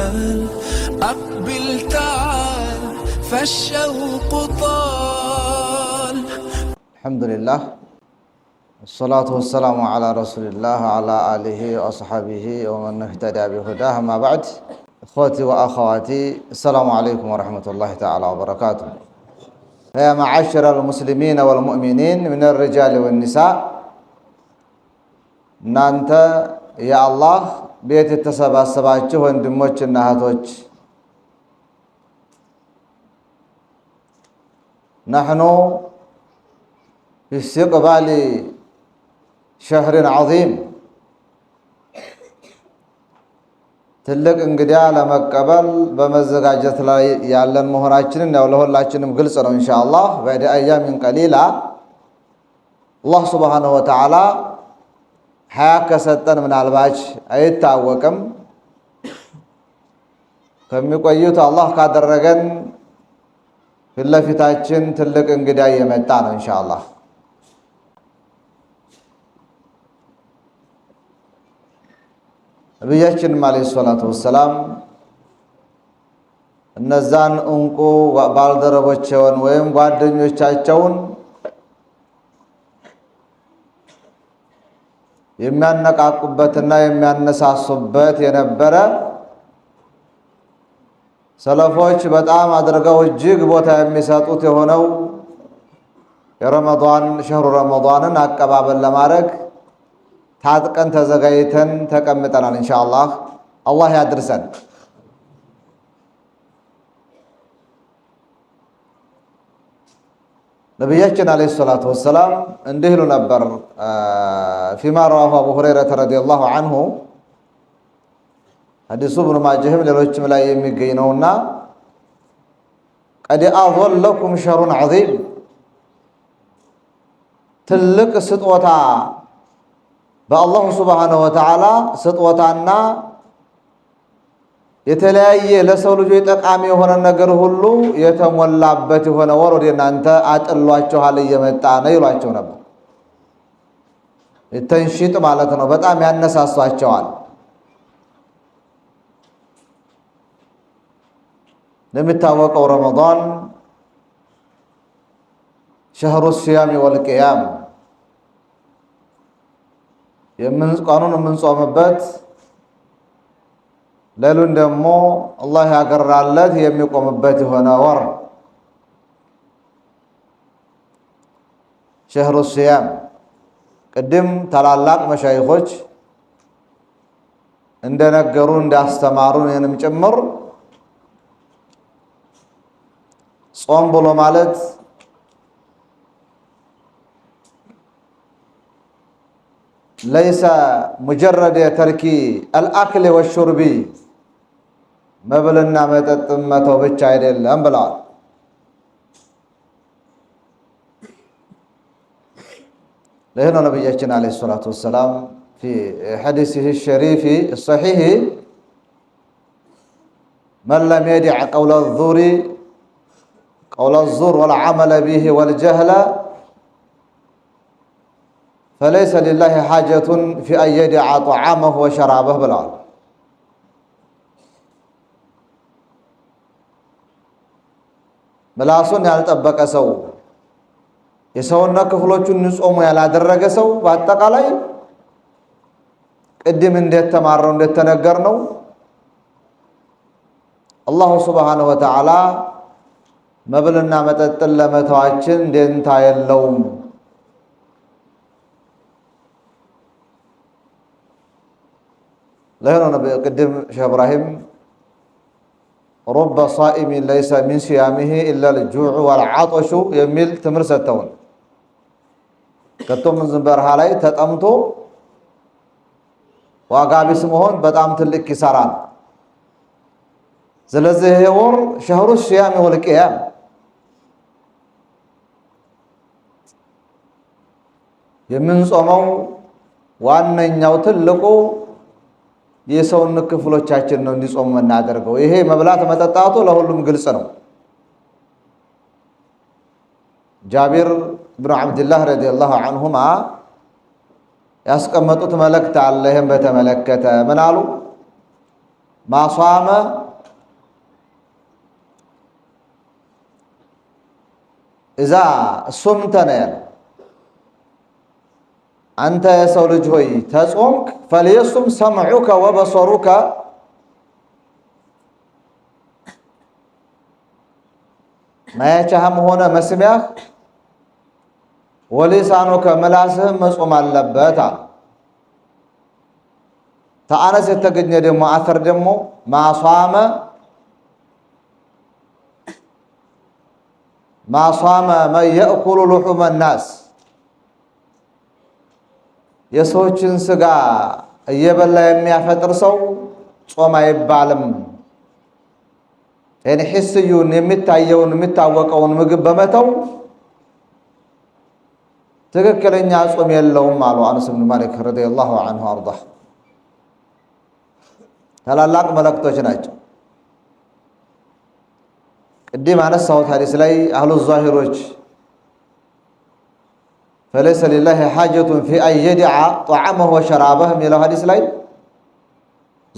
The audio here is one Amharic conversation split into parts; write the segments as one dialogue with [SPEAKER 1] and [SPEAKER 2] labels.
[SPEAKER 1] تعال أقبل تعال فالشوق طال الحمد لله والصلاة والسلام على رسول الله وعلى آله وأصحابه ومن اهتدى بهداه ما بعد إخوتي وأخواتي السلام عليكم ورحمة الله تعالى وبركاته يا معاشر المسلمين والمؤمنين من الرجال والنساء يا الله ቤት የተሰባሰባችሁ ወንድሞችና እህቶች ናሕኑ ፊስቲቅባል ሸህርን ዓዚም ትልቅ እንግዲያ ለመቀበል በመዘጋጀት ላይ ያለን መሆናችንን ያው ለሁላችንም ግልጽ ነው። ኢንሻ በዕድ አያሚን ቀሊላ አላህ ሱብሓነሁ ወተዓላ ሀያ ከሰጠን ምናልባች አይታወቅም። ከሚቆዩት አላህ ካደረገን ፊት ለፊታችን ትልቅ እንግዳ እየመጣ ነው ኢንሻአላህ። ነቢያችንም አለይሂ ሰላቱ ወሰላም እነዛን እንቁ ባልደረቦቸውን ወይም ጓደኞቻቸውን የሚያነቃቁበትና የሚያነሳሱበት የነበረ ሰለፎች በጣም አድርገው እጅግ ቦታ የሚሰጡት የሆነው የረመዷን ሸህሩ ረመዷንን አቀባበል ለማድረግ ታጥቀን ተዘጋጅተን ተቀምጠናል። እንሻ አላህ አላህ ያድርሰን። ነቢያችን ዓለይሂ ሰላቱ ወሰላም እንዲህ ይሉ ነበር። ፊማ ረዋሁ አቡ ሁረይረተ ረዲየላሁ አንሁ ሐዲሱ ኢብኑ ማጅህም ሌሎችም ላይ የሚገኝ ነውና ቀድ አዞለኩም ሸሩን ዐዚም ትልቅ ስጦታ በአላሁ ስብሓነሁ ወተዓላ ስጦታና የተለያየ ለሰው ልጆች ጠቃሚ የሆነ ነገር ሁሉ የተሞላበት የሆነ ወር ወደ እናንተ አጥሏችኋል እየመጣ ነው ይሏቸው ነበር። ተንሽጥ ማለት ነው። በጣም ያነሳሷቸዋል። እንደሚታወቀው ረመዳን ሸህሩ ሲያም ወልቅያም የምንቀኑን የምንጾምበት ለሉን ደግሞ አላህ ያገራለት የሚቆምበት የሆነ ወር ሸህሩ ሲያም። ቅድም ታላላቅ መሻይኾች እንደነገሩ እንዳስተማሩ እኔንም ጭምር ጾም ብሎ ማለት ለይሰ ሙጀረድ የተርኪ አልአክል ወሹርቢ مبل مبلنا متتم متو بچائر الامبلال لهنا نبي جاتنا عليه الصلاة والسلام في حديثه الشريف الصحيح من لم يدع قول الظور قول الظور والعمل به والجهل فليس لله حاجة في أن يدع طعامه وشرابه بالعالم ምላሱን ያልጠበቀ ሰው የሰውነት ክፍሎቹን ንጹሙ ያላደረገ ሰው በአጠቃላይ ቅድም እንደተማረው እንደተነገር ነው አላሁ ስብሓነሁ ወተዓላ መብልና መጠጥን ለመተዋችን ደንታ የለውም። ለሆነ ቅድም ሼህ እብራሂም ሩበ ሳኢሚን ለይሰ ሚን ሲያሚሂ ኢለል ጁዕ ወልዓጦሹ የሚል ትምህርት ሰጥተውን ከቶ ምንዝም በረሃ ላይ ተጠምቶ ዋጋ ቢስ መሆን በጣም ትልቅ ኪሳራ ነው። ስለዚህ ይሄ ወር ሸህሩ ሲያም ወልቅያም የምንጾመው ዋነኛው ትልቁ የሰውን ክፍሎቻችን ነው እንዲጾሙ የምናደርገው። ይሄ መብላት መጠጣቱ ለሁሉም ግልጽ ነው። ጃቢር ብኑ ዓብድላህ ረዲየላሁ አንሁማ ያስቀመጡት መልእክት አለ። ይህም በተመለከተ ምን አሉ? ማሷመ እዛ ሱምተ ያለው አንተ የሰው ልጅ ሆይ ተጾምክ፣ ፈልየሱም ሰምዑከ ወበሰሩከ ማያቻህም ሆነ መስሚያህ ወሊሳኑከ ምላስህም መጾም አለበት አለ። ተአነስ የተገኘ ደግሞ አተር ደግሞ ማሷመ ማሷመ መን የእኩሉ ልሑመ ናስ የሰዎችን ስጋ እየበላ የሚያፈጥር ሰው ጾም አይባልም። ይህን ሒስዩን የሚታየውን የሚታወቀውን ምግብ በመተው ትክክለኛ ጾም የለውም አሉ አነስ ብን ማሊክ ረዲየላሁ አንሁ አርዳ። ታላላቅ መልእክቶች ናቸው። ቅድም አነሳሁት ሐዲስ ላይ አህሉ ዛሂሮች ፈለይሰ ሊላሂ ሓጀቱን ፊ አን የድዓ ጣዓመሁ ወሸራበህ የሚለው ሀዲስ ላይ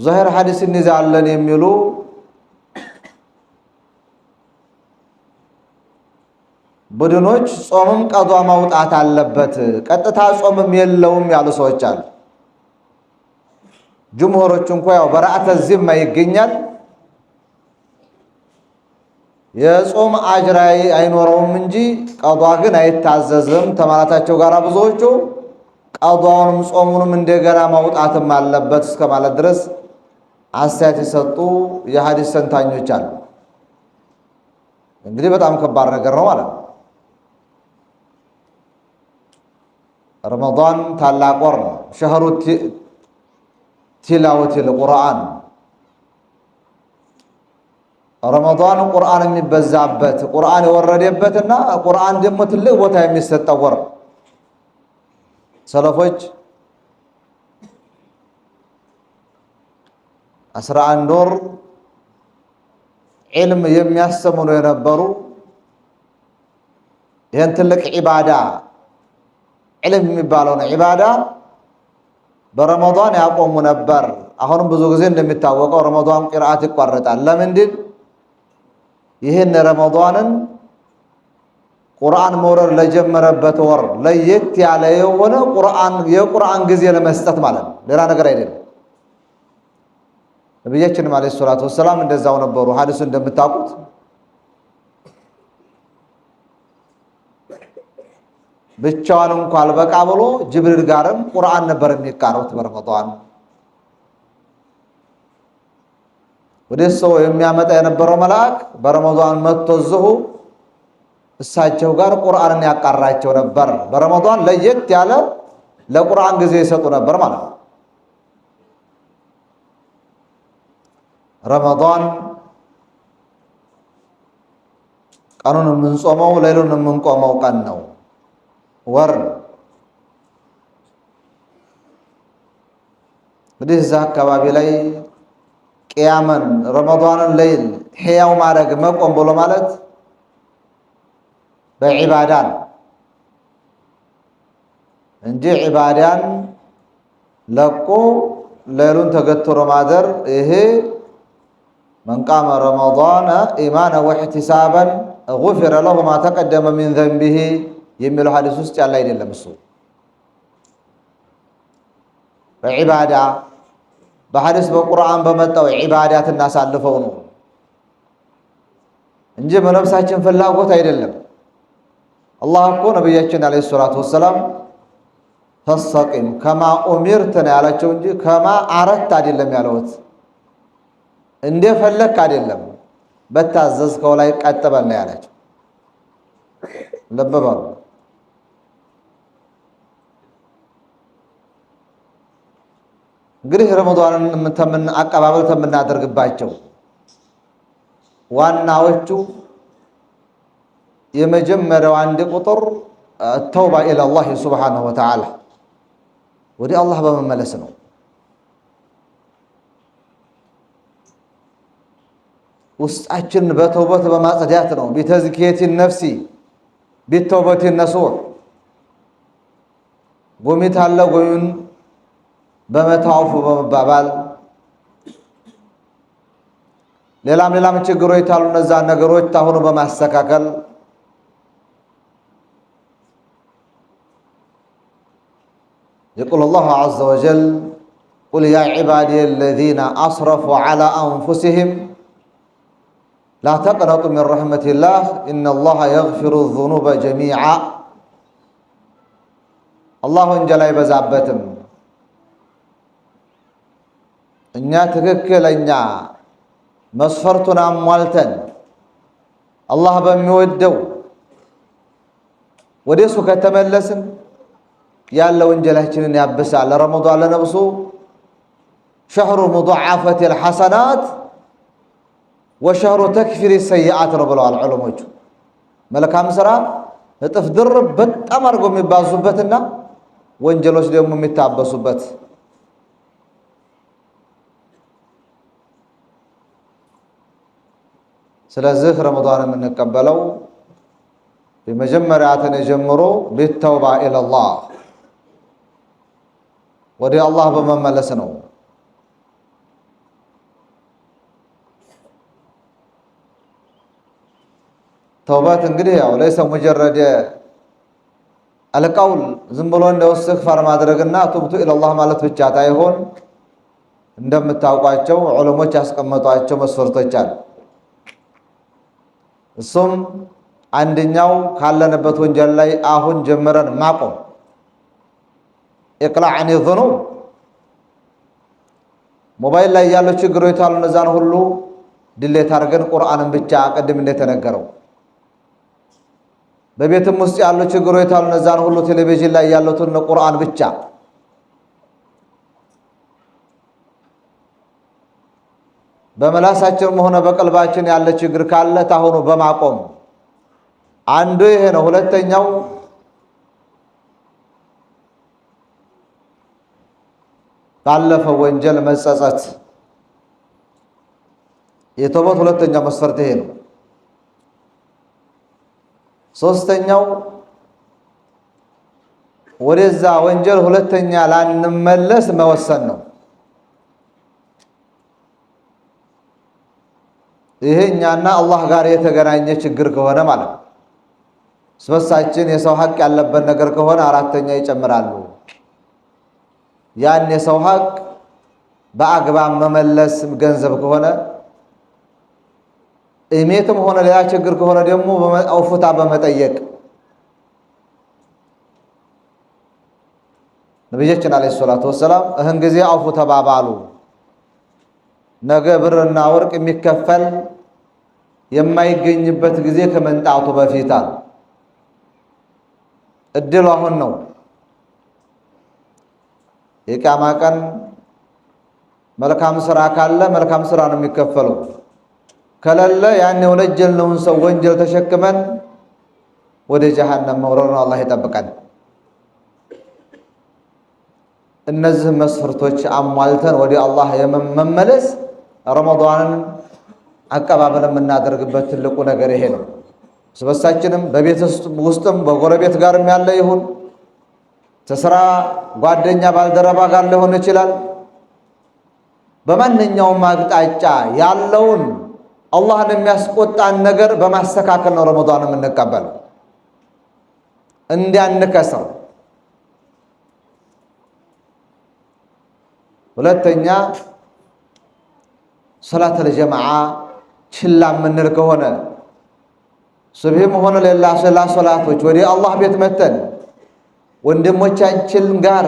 [SPEAKER 1] ዞሄር ሀዲስ እንይዛለን የሚሉ ቡድኖች ጾምም ቀዷ ማውጣት አለበት፣ ቀጥታ ጾምም የለውም ያሉ ሰዎች አሉ። ጅምሁሮች እንኳ ያው በረአተ ዚማ ይገኛል። የጾም አጅር አይኖረውም እንጂ ቀዷ ግን አይታዘዝም ከማለታቸው ጋር ብዙዎቹ ቀዷውንም ጾሙንም እንደገና መውጣትም አለበት እስከ ማለት ድረስ አስተያየት የሰጡ የሀዲስ ተንታኞች አሉ። እንግዲህ በጣም ከባድ ነገር ነው ማለት ነው። ረመዷን ታላቅ ወር ነው። ሸህሩ ቲላወቲል ቁርአን ረመዷን ቁርአን የሚበዛበት ቁርአን የወረደበትና ቁርአን ደግሞ ትልቅ ቦታ የሚሰጠው ወር ሰለፎች አስራ አንድ ወር ዒልም የሚያስተምሩ የነበሩ ይህን ትልቅ ዒባዳ ዒልም የሚባለውን ዒባዳ በረመዷን ያቆሙ ነበር። አሁንም ብዙ ጊዜ እንደሚታወቀው ረመዷን ቂርአት ይቋረጣል። ለምንድን ይህን ረመዷንን ቁርአን መውረድ ለጀመረበት ወር ለየት ያለ የሆነ ቁርአን የቁርአን ጊዜ ለመስጠት ማለት ነው። ሌላ ነገር አይደለም። ነቢያችንም ዓለይሂ ሰላቱ ወሰላም እንደዛው ነበሩ። ሐዲሱ እንደምታውቁት ብቻዋን እንኳ አልበቃ ብሎ ጅብሪል ጋርም ቁርአን ነበር የሚቃረቡት በረመዷን ወደ ሰው የሚያመጣ የነበረው መልአክ በረመዷን መጥቶ እሳቸው ጋር ቁርአንን ያቃራቸው ነበር። በረመዷን ለየት ያለ ለቁርአን ጊዜ ይሰጡ ነበር ማለት ነው። ረመዷን ቀኑን የምንጾመው ሌሉን የምንቆመው ቀን ነው፣ ወር እንግዲህ እዛ አካባቢ ላይ ቅያመን ረመዷንን ለይል ሕያው ማድረግ መቆም ብሎ ማለት በዒባዳን እንጂ ዒባዳን ለቆ ሌሉን ተገትሮ ማደር ይሄ መንቃመ ረመዷነ ኢማነ ወሕቲሳበን ጉፊረ ለሁ ማ ተቀደመ ሚን ዘንቢሂ የሚለው ሀዲስ ውስጥ ያለ አይደለም እሱ በዒባዳ በሐዲስ በቁርአን በመጣው ዒባዳት እናሳልፈው ነው እንጂ በነፍሳችን ፍላጎት አይደለም። አላህ እኮ ነቢያችን ዓለይሂ ሰላቱ ወሰላም ፈሰቂም ከማ ኡሚርት ነው ያላቸው እንጂ ከማ አረት አይደለም ያለውት። እንደ ፈለክ አይደለም በታዘዝከው ላይ ቀጥበል ነው ያላቸው። ልብ በሉ። እንግዲህ ረመዷንን አቀባበል ከምናደርግባቸው ዋናዎቹ የመጀመሪያው አንድ ቁጥር ተውባ ኢለላህ ሱብሓነሁ ወተዓላ ወደ አላህ በመመለስ ነው። ውስጣችን በተውበት በማጽዳት ነው። ቢተዝኪየቲ ነፍሲ ቢተውበቲ ነሱር ጎሚት አለ ጎሚን በመታወፉ በመባባል ሌላም ሌላም ችግሮች የታሉ እነዛ ነገሮች አሁኑ በማስተካከል يقول الله عز وجل قل يا عبادي الذين أصرفوا على أنفسهم لا تقنطوا من رحمة الله إن الله يغفر الذنوب جميعا الله إن جل يبزعبتم እኛ ትክክለኛ መስፈርቱን አሟልተን አላህ በሚወደው ወደሱ ከተመለስን ያለ ወንጀላችንን ያብሳል። ረመዷን ለነብሱ ሸህሩ ሙዳዓፈት ልሐሰናት ወሸህሩ ተክፊር ሰይአት ነው ብለዋል ዑለሞቹ። መልካም ስራ እጥፍ ድርብ በጣም አድርገው የሚባዙበትና ወንጀሎች ደግሞ የሚታበሱበት ስለዚህ ረመዳን የምንቀበለው የመጀመሪያ ተኔ ጀምሮ ቢተውባ ኢለላህ ወደ አላህ በመመለስ ነው። ተውበት እንግዲህ ያው ለይሰ ሙጀረድ አልቀውል ዝም ብሎ እንደው እስትግፋር ማድረግና ቱብቱ ኢለላህ ማለት ብቻ ሳይሆን እንደምታውቋቸው ዑለሞች ያስቀመጧቸው መስፈርቶች አሉ። እሱም አንደኛው ካለንበት ወንጀል ላይ አሁን ጀምረን ማቆም ኢቅላዕ አን ዙኑብ ሞባይል ላይ ያለው ችግር ይታሉ እነዛን ሁሉ ድሌት አድርገን ቁርአንን ብቻ ቅድም እንደተነገረው በቤትም ውስጥ ያሉ ችግር ይታሉ እነዛን ሁሉ ቴሌቪዥን ላይ ያሉትን ቁርአን ብቻ በመላሳችንም ሆነ በቀልባችን ያለ ችግር ካለ ታሁኑ በማቆም አንዱ ይሄ ነው። ሁለተኛው ባለፈው ወንጀል መጸጸት የተውበት ሁለተኛው መስፈርት ይሄ ነው። ሶስተኛው ወደዛ ወንጀል ሁለተኛ ላንመለስ መወሰን ነው። ይሄ እኛና አላህ ጋር የተገናኘ ችግር ከሆነ ማለት ነው። ስበሳችን የሰው ሀቅ ያለበት ነገር ከሆነ አራተኛ ይጨምራሉ። ያን የሰው ሀቅ በአግባብ መመለስ ገንዘብ ከሆነ እሜትም ሆነ ሌላ ችግር ከሆነ ደግሞ እውፉታ በመጠየቅ ነቢያችን አለይሂ ሰላቱ ወሰላም እህን ጊዜ አውፉ ተባባሉ። ነገ ብርና ወርቅ የሚከፈል የማይገኝበት ጊዜ ከመንጣቱ በፊት አለ። እድሉ አሁን ነው። የቂያማ ቀን መልካም ስራ ካለ መልካም ስራ ነው የሚከፈለው። ከሌለ ያን የወነጀልነውን ሰው ወንጀል ተሸክመን ወደ ጀሃነም መውረድ ነው። አላህ ይጠብቀን። እነዚህ መስፈርቶች አሟልተን ወደ አላህ የመመለስ ረመዳንን አቀባበል የምናደርግበት ትልቁ ነገር ይሄ ነው። ስበሳችንም በቤት ውስጥም በጎረቤት ጋርም ያለ ይሁን ተስራ ጓደኛ ባልደረባ ጋር ሊሆን ይችላል። በማንኛውም አቅጣጫ ያለውን አላህን የሚያስቆጣን ነገር በማስተካከል ነው ረመዳን የምንቀበል እንዲያንከስር። ሁለተኛ ሰላት ጀማዓ ችላ ምንል ከሆነ ሱብሂም ሆነ ሌላ ሰላ ሰላቶች ወደ አላህ ቤት መተን ወንድሞቻችን ጋር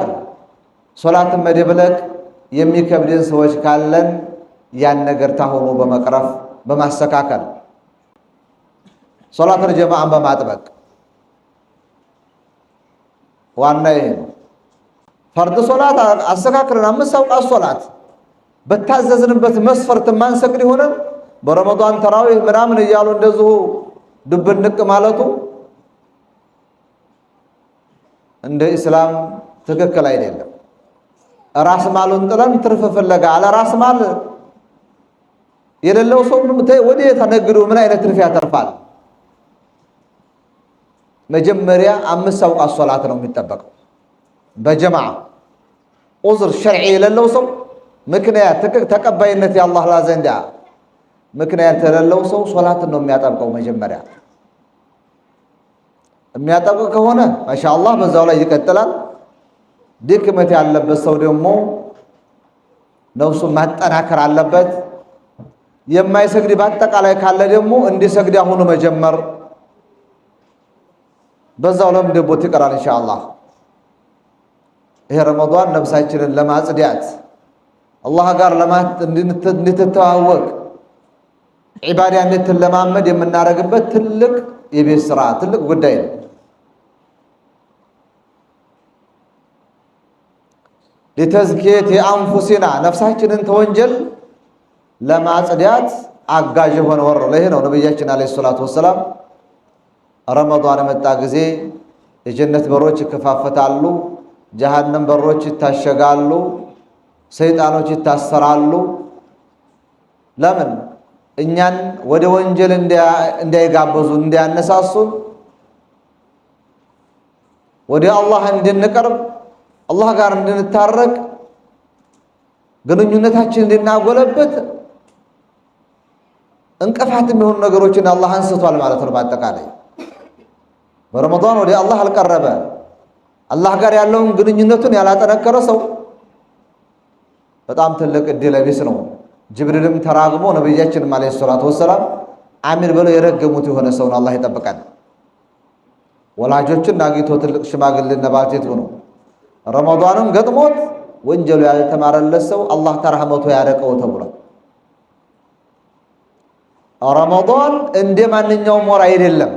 [SPEAKER 1] ሶላትን መደብለቅ የሚከብድን ሰዎች ካለን ያን ነገር ታሆኑ በመቅረፍ በማስተካከል ሶላተል ጀማዓን በማጥበቅ ዋና ይሄ ነው። ፈርድ ሶላት አስተካክለን አምስት አውቃት ሶላት በታዘዝንበት መስፈርት ማንሰግድ ይሆናል። በረመዷን ተራዊህ ምናምን እያሉ እንደዚሁ ድብንቅ ማለቱ እንደ ኢስላም ትክክል አይደለም። ራስ ማሉን ጥለን ትርፍ ፍለጋ አለ ራስ ማል የሌለው ሰው ወደ ተነግዱ ምን አይነት ትርፍ ያተርፋል? መጀመሪያ አምስት አውቃት ሶላት ነው የሚጠበቀው በጀማዓ ዑዝር ሸርዒ የሌለው ሰው ምክንያት ተቀባይነት የአላህ ዘንዳ ምክንያት የሌለው ሰው ሶላትን ነው የሚያጠብቀው። መጀመሪያ የሚያጠብቅ ከሆነ ማሻአላህ በዛው ላይ ይቀጥላል። ድክመት ያለበት ሰው ደግሞ ነፍሱ ማጠናከር አለበት። የማይሰግድ በአጠቃላይ ካለ ደግሞ እንዲሰግድ አሁኑ መጀመር በዛው ለም ደቦት ይቀራል። ኢንሻአላህ ይሄ ረመዷን ነፍሳችንን ለማጽዳት አላህ ጋር እንድትተዋወቅ ዒባዳ እንድትለማመድ የምናደርግበት ትልቅ የቤት ስራ ትልቅ ጉዳይ ነው። ሊተዝኪየት የአንፉሲና ነፍሳችንን ተወንጀል ለማጽዳት አጋዥ የሆነ ወር ይሄ ነው። ነቢያችን ዓለይሂ ሰላቱ ወሰላም ረመዷን የመጣ ጊዜ የጀነት በሮች ይከፋፈታሉ፣ ጀሃነም በሮች ይታሸጋሉ። ሰይጣኖች ይታሰራሉ። ለምን? እኛን ወደ ወንጀል እንዳይጋበዙን፣ እንዳያነሳሱን፣ ወደ አላህ እንድንቀርብ፣ አላህ ጋር እንድንታረቅ፣ ግንኙነታችን እንድናጎለበት እንቅፋት የሚሆኑ ነገሮችን አላህ አንስቷል ማለት ነው። በአጠቃላይ በረመዳን ወደ አላህ አልቀረበ፣ አላህ ጋር ያለውን ግንኙነቱን ያላጠነከረ ሰው በጣም ትልቅ ዕድለ ቢስ ነው። ጅብሪልም ተራግሞ ነቢያችንም ዓለይሂ ሰላቱ ወሰላም አሚን ብለው የረገሙት የሆነ ሰውን አላህ ይጠብቃል። ወላጆችን አግኝቶ ትልቅ ሽማግሌ ባልቴት ሆኖ ረመዷንም ገጥሞት ወንጀሉ ያልተማረለት ሰው አላህ ተራህመቱ ያረቀው ተብሏል። ረመዷን እንደ ማንኛውም ወር አይደለም።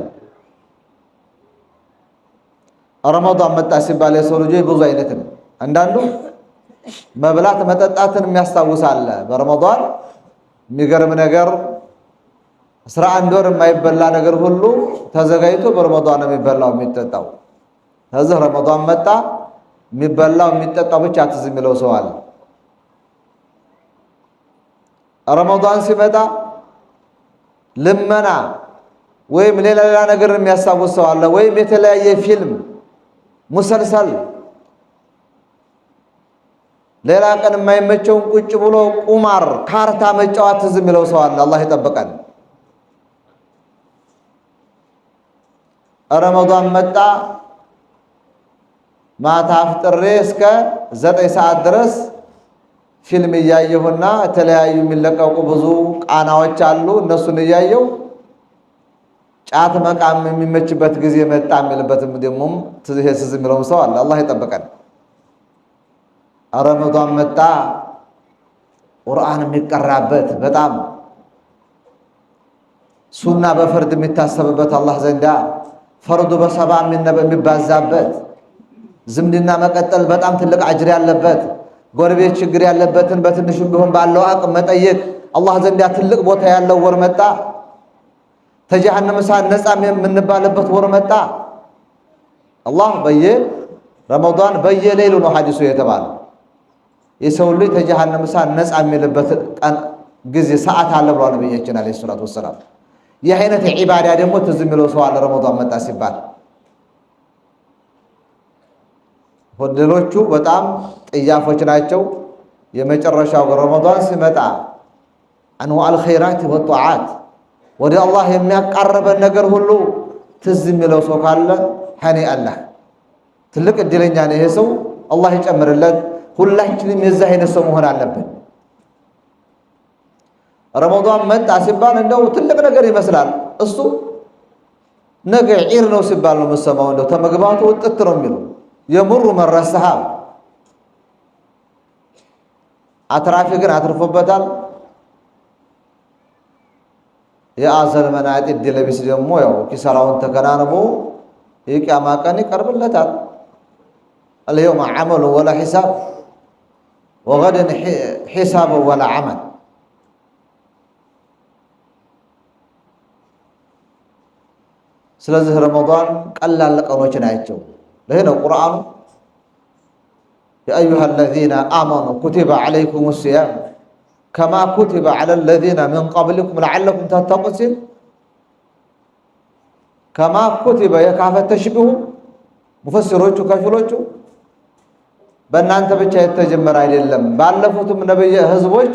[SPEAKER 1] ረመዷን መጣ ሲባል የሰው ልጆች ብዙ አይነት ነው። አንዳንዱ መብላት መጠጣትን የሚያስታውስ አለ። በረመዷን የሚገርም ነገር አስራ አንድ ወር የማይበላ ነገር ሁሉ ተዘጋጅቶ በረመዷን ነው የሚበላው የሚጠጣው። ከዚህ ረመዷን መጣ የሚበላው የሚጠጣው ብቻ ትዝ የሚለው ሰው አለ። ረመዷን ሲመጣ ልመና ወይም ሌላ ሌላ ነገር የሚያስታውስ ሰው አለ። ወይም የተለያየ ፊልም ሙሰልሰል ሌላ ቀን የማይመቸውን ቁጭ ብሎ ቁማር፣ ካርታ መጫወት ትዝ የሚለው ሰው አለ። አላህ ይጠብቀን። ረመዷን መጣ። ማታ አፍጥሬ እስከ ዘጠኝ ሰዓት ድረስ ፊልም እያየሁና የተለያዩ የሚለቀቁ ብዙ ቃናዎች አሉ። እነሱን እያየሁ ጫት መቃም የሚመችበት ጊዜ መጣ የሚልበትም ደግሞ ትዝ የሚለውም ሰው አለ። አላህ ይጠብቀን። ረመዷን መጣ፣ ቁርአን የሚቀራበት በጣም ሱና በፈርድ የሚታሰብበት አላህ ዘንዳ ፈርዱ በሰባ የሚባዛበት ዝምድና መቀጠል በጣም ትልቅ አጅር ያለበት ጎረቤት ችግር ያለበትን በትንሹ ቢሆን ባለው አቅም መጠየቅ አላህ ዘንዳ ትልቅ ቦታ ያለው ወር መጣ። ተጀሃነም እሳት ነፃ የምንባልበት ወር መጣ። አላህ በየ ረመዷን በየሌሉ ነው ሐዲሱ የተባለው። የሰው ልጅ ተጀሃነም እሳት ነፃ የሚልበት ቀን ጊዜ ሰዓት አለ ብሏል ነብያችን አለይሂ ሰላቱ ወሰላም። ይህ አይነት ዒባዳ ደግሞ ትዝ የሚለው ሰው አለ ረመዷን መጣ ሲባል ሆቴሎቹ በጣም ጥያፎች ናቸው። የመጨረሻው ረመዷን ሲመጣ አንዋል ኸይራት ወጧዓት ወደ አላህ የሚያቃረበን ነገር ሁሉ ትዝ የሚለው ሰው ካለ ሐኔ አላህ ትልቅ እድለኛ ነው ይሄ ሰው አላህ ይጨምርለት። ሁላችንም የዛ አይነት ሰው መሆን አለብን። ረመዷን መጣ ሲባል እንደው ትልቅ ነገር ይመስላል። እሱ ነገ ዒድ ነው ሲባል ነው የምሰማው። እንደው ተመግባቱ ውጥት ነው የሚለው የምሩ መረሰሃ አትራፊ ግን አትርፎበታል። የአዘል መናጢ እድለቢስ ደግሞ ያው ኪሳራውን ተከናንቦ የቂያማ ቀን ይቀርብለታል። አልየውም አመሉ ወላ ሒሳብ وغدا حساب ولا عمل سلازه رمضان قال لك الله جنايتو لهنا القران يا ايها الذين امنوا كتب عليكم الصيام كما كتب على الذين من قبلكم لعلكم تتقون كما كتب يا كافه تشبه مفسروا كافلوتو በእናንተ ብቻ የተጀመረ አይደለም። ባለፉትም ነብይ ህዝቦች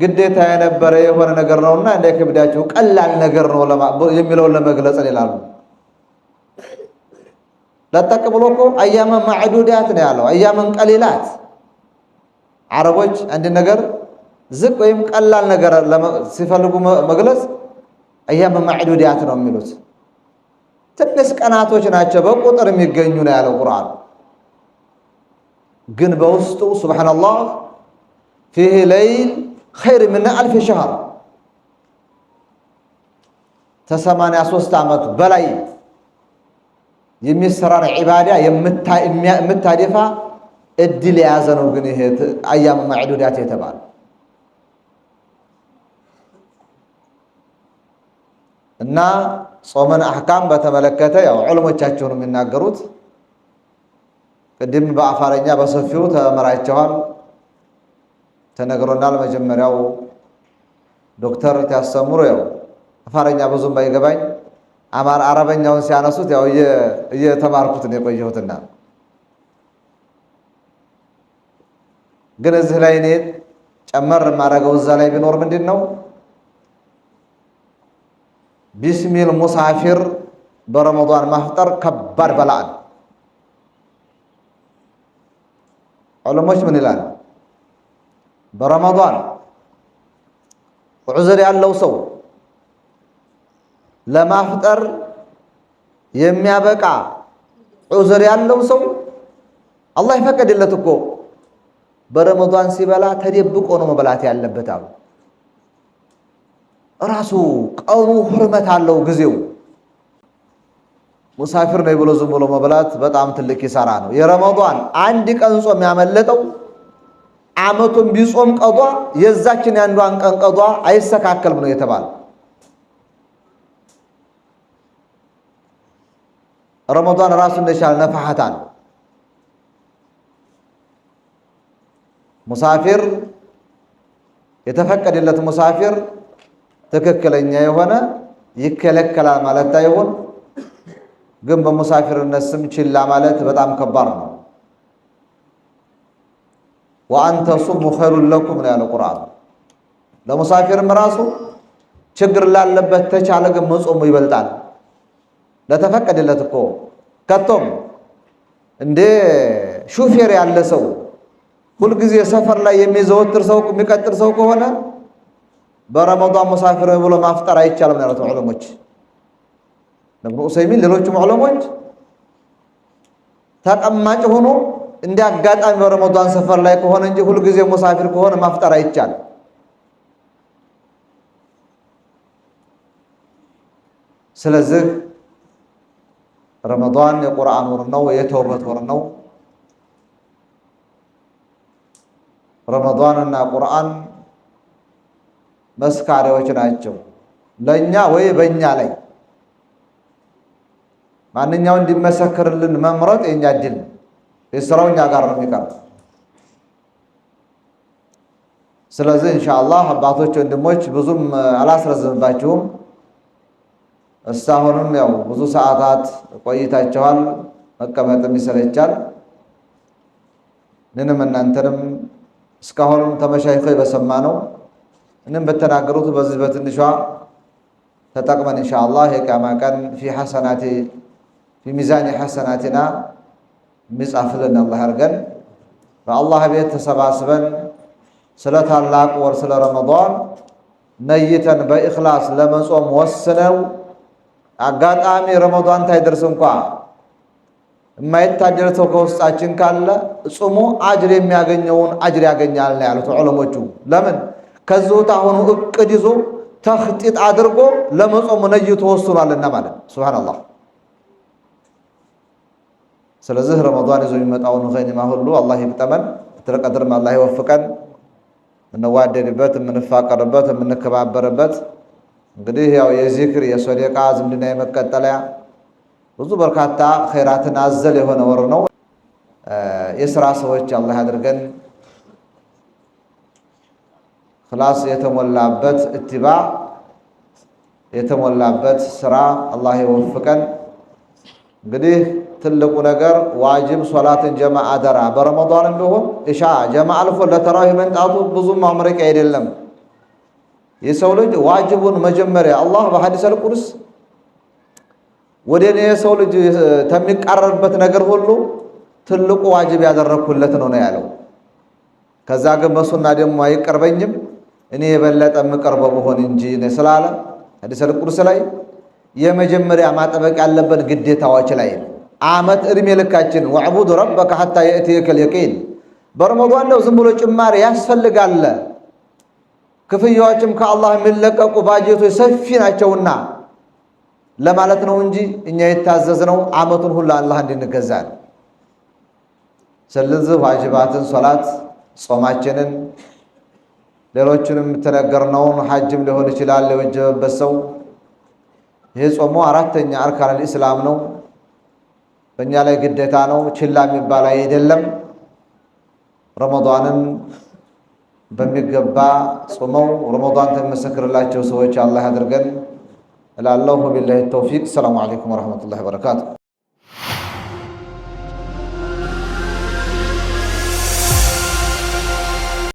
[SPEAKER 1] ግዴታ የነበረ የሆነ ነገር ነውና እንዳይከብዳችሁ ቀላል ነገር ነው የሚለውን ለመግለጽ ይላሉ። ለጠቅ ብሎ እኮ አያመን ማዕዱዳት ነው ያለው። አያመን ቀሊላት አረቦች አንድ ነገር ዝቅ ወይም ቀላል ነገር ሲፈልጉ መግለጽ አያመን ማዕዱዳት ነው የሚሉት። ትንሽ ቀናቶች ናቸው በቁጥር የሚገኙ ነው ያለው ቁርአን ግን በውስጡ ሱብሓነላህ ፊህ ለይል ኸይር ምን አልፍ ሸሃር ተሰማንያ ሦስት ዓመት በላይ የሚሰራን ዒባዳ የምታደፋ እድል የያዘ ነው። ግን ይሄ አያም ማዕዱዳት የተባለ እና ጾመን አሕካም በተመለከተ ያው ዑለሞቻቸው የሚናገሩት ቅድም በአፋረኛ በሰፊው ተመራይቸዋል ተነግሮናል። መጀመሪያው ዶክተር ያስተምሩ ያው አፋረኛ ብዙም ባይገባኝ አማር አረበኛውን ሲያነሱት ያው እየተማርኩት ነው የቆየሁትና ግን እዚህ ላይ እኔ ጨመር የማደርገው እዛ ላይ ቢኖር ምንድን ነው ቢስሚል ሙሳፊር በረመዷን ማፍጠር ከባድ በላአል ዑለሞች ምን ይላል? በረመዷን ዑዝር ያለው ሰው ለማፍጠር የሚያበቃ ዑዝር ያለው ሰው አላህ ይፈቀድለት እኮ በረመዷን ሲበላ ተደብቆ ነው መብላት ያለበት አሉ። ራሱ ቀኑ ሁርመት አለው ጊዜው ሙሳፊር ነው ብሎ ዝም ብሎ መብላት በጣም ትልቅ ኪሳራ ነው። የረመዷን አንድ ቀን ጾም ያመለጠው አመቱን ቢጾም ቀዷ የዛችን ያንዷን ቀን ቀዷ አይስተካከልም ነው የተባለ። ረመዷን ራሱን የቻለ ነፍሐት ነው። ሙሳፊር የተፈቀደለት ሙሳፊር ትክክለኛ የሆነ ይከለከላል ማለት አይሆን ግን በሙሳፊርነት ስም ችላ ማለት በጣም ከባድ ነው። ወአንተ ሱሙ ኸይሩን ለኩም ነው ያለው ቁርአን። ለሙሳፊርም ራሱ ችግር ላለበት ተቻለ ግን መጾሙ ይበልጣል። ለተፈቀደለት እኮ ከቶም እንደ ሹፌር ያለ ሰው ሁልጊዜ ሰፈር ላይ የሚዘወትር ሰው የሚቀጥር ሰው ከሆነ በረመዷን ሙሳፊር ብሎ ማፍጠር አይቻልም ያሉት ዑለሞች። እብኑ ዑሰይሚን ሌሎቹም ዑለሞች ተቀማጭ ሆኖ እንደ አጋጣሚ በረመዷን ሰፈር ላይ ከሆነ እንጂ ሁልጊዜ ሙሳፊር ከሆነ ማፍጠር አይቻል። ስለዚህ ረመዷን የቁርአን ወር ነው፣ የተውበት ወር ነው። ረመዷን እና ቁርአን መስካሪዎች ናቸው ለእኛ ወይ በእኛ ላይ ማንኛው እንዲመሰክርልን መምረጥ የኛ ድል ነው። የስራው እኛ ጋር ነው የሚቀርብ። ስለዚህ ኢንሻአላህ አባቶች፣ ወንድሞች ብዙም አላስረዝምባችሁም። እስካሁንም ያው ብዙ ሰዓታት ቆይታችኋል፣ መቀመጥም ይሰለቻል። እኔንም እናንተንም እስካሁንም ተመሻይኮ በሰማ ነው እንም በተናገሩት በዚህ በትንሿ ተጠቅመን ኢንሻአላህ የቂያማ ቀን ፊ ሐሰናቴ ሚዛኒ ሐሰናቲና የሚጻፍልን አላህ ያርገን። በአላህ ቤት ተሰባስበን ስለ ታላቅ ወር ስለ ረመዳን ነይተን በእኽላስ ለመጾም ወስነው አጋጣሚ ረመዳን ታይደርስ እንኳ የማይታደር ሰው ከውስጣችን ካለ ጽሙ አጅር የሚያገኘውን አጅር ያገኛል ነው ያሉት ዑለሞቹ። ለምን ከዚሁ አሁኑ እቅድ ይዞ ተኽጢጥ አድርጎ ለመጾም ነይቶ ወስኗልና ማለት ሱብሃነላህ። ስለዚህ ረመዷን ይዞ የሚመጣውን ኸይማ ሁሉ አላህ ይግጠመን፣ በትረ አላህ ይወፍቀን። የምንዋደድበት የምንፋቀርበት የምንከባበርበት እንግዲህ ያው የዚክር የሶደቃ ዝምድና የመቀጠለያ ብዙ በርካታ ኸይራትን አዘል የሆነ ወር ነው። የስራ ሰዎች አላህ አድርገን ክላስ የተሞላበት እትባ የተሞላበት ስራ አላህ ይወፍቀን እንግዲህ ትልቁ ነገር ዋጅብ ሶላትን ጀማ አደራ በረመዷንም ቢሆን እሻ ጀማ አልፎ ለተራዊ መንጣቱ ብዙም ማምረቂያ አይደለም። የሰው ልጅ ዋጅቡን መጀመሪያ አላህ በሐዲስ አልቁዱስ ወደ እኔ የሰው ልጅ ተሚቃረርበት ነገር ሁሉ ትልቁ ዋጅብ ያደረግኩለት ነው ነው ያለው። ከዛ ግን በሱና ደግሞ አይቀርበኝም እኔ የበለጠ የምቀርበው መሆን እንጂ ስላለ ሐዲስ ላይ የመጀመሪያ ማጠበቅ ያለበት ግዴታዎች ላይ ነው። ዓመት እድሜ ልካችን ወዕቡድ ረበከ ሐታ የእትየከል የቂን በረመዷን ነው ዝም ብሎ ጭማሪ ያስፈልጋለ። ክፍያዎችም ከአላህ የሚለቀቁ ባጀቶች ሰፊ ናቸውና ለማለት ነው እንጂ እኛ የታዘዝነው ዓመቱን ሁሉ አላህ እንድንገዛ ነው። ስለዚህ ዋጅባትን፣ ሶላት፣ ጾማችንን፣ ሌሎችንም የምትነገርነውን ሐጅም ሊሆን ይችላል። የወጀበበት ሰው ይህ ጾሙ አራተኛ አርካን ልእስላም ነው። በእኛ ላይ ግዴታ ነው፣ ችላ የሚባል አይደለም። ረመዷንን በሚገባ ጾመው ረመዷን ተመሰክርላቸው ሰዎች አላህ አድርገን እላለሁ። ወቢላሂ ተውፊቅ። ሰላሙ አለይኩም ወረሕመቱላሂ ወበረካቱ።